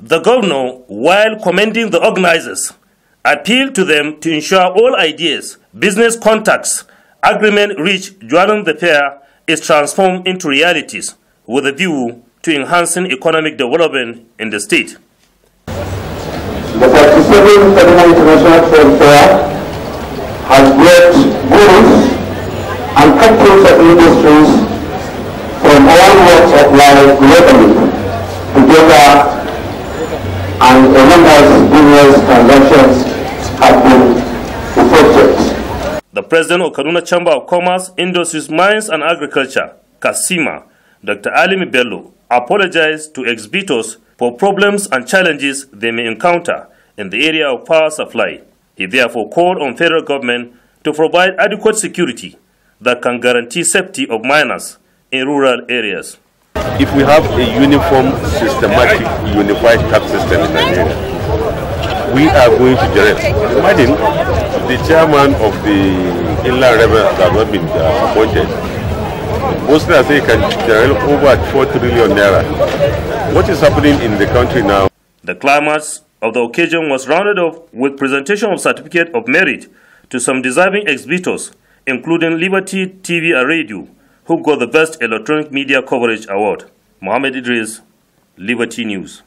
The governor, while commending the organizers, appealed to them to ensure all ideas, business contacts, agreement reached during the fair is transformed into realities with a view to enhancing economic development in the state. The participating Federal International Trade Fair has brought goods and captains of industries from all walks of life globally and a number of business transactions have been effected. The president of Kaduna Chamber of Commerce, Industries, Mines and Agriculture, Kasima, Dr. Alimi Bello, apologized to exhibitors for problems and challenges they may encounter in the area of power supply. He therefore called on federal government to provide adequate security that can guarantee safety of miners in rural areas if we have a uniform, systematic, unified tax system in Nigeria, we are going to direct. Imagine the chairman of the inland revenue that has been uh, appointed. Most say can generate over 4 trillion naira. What is happening in the country now? The climax of the occasion was rounded off with presentation of certificate of merit to some deserving exhibitors, including Liberty TV and Radio who got the Best Electronic Media Coverage Award. Mohammed Idris, Liberty News.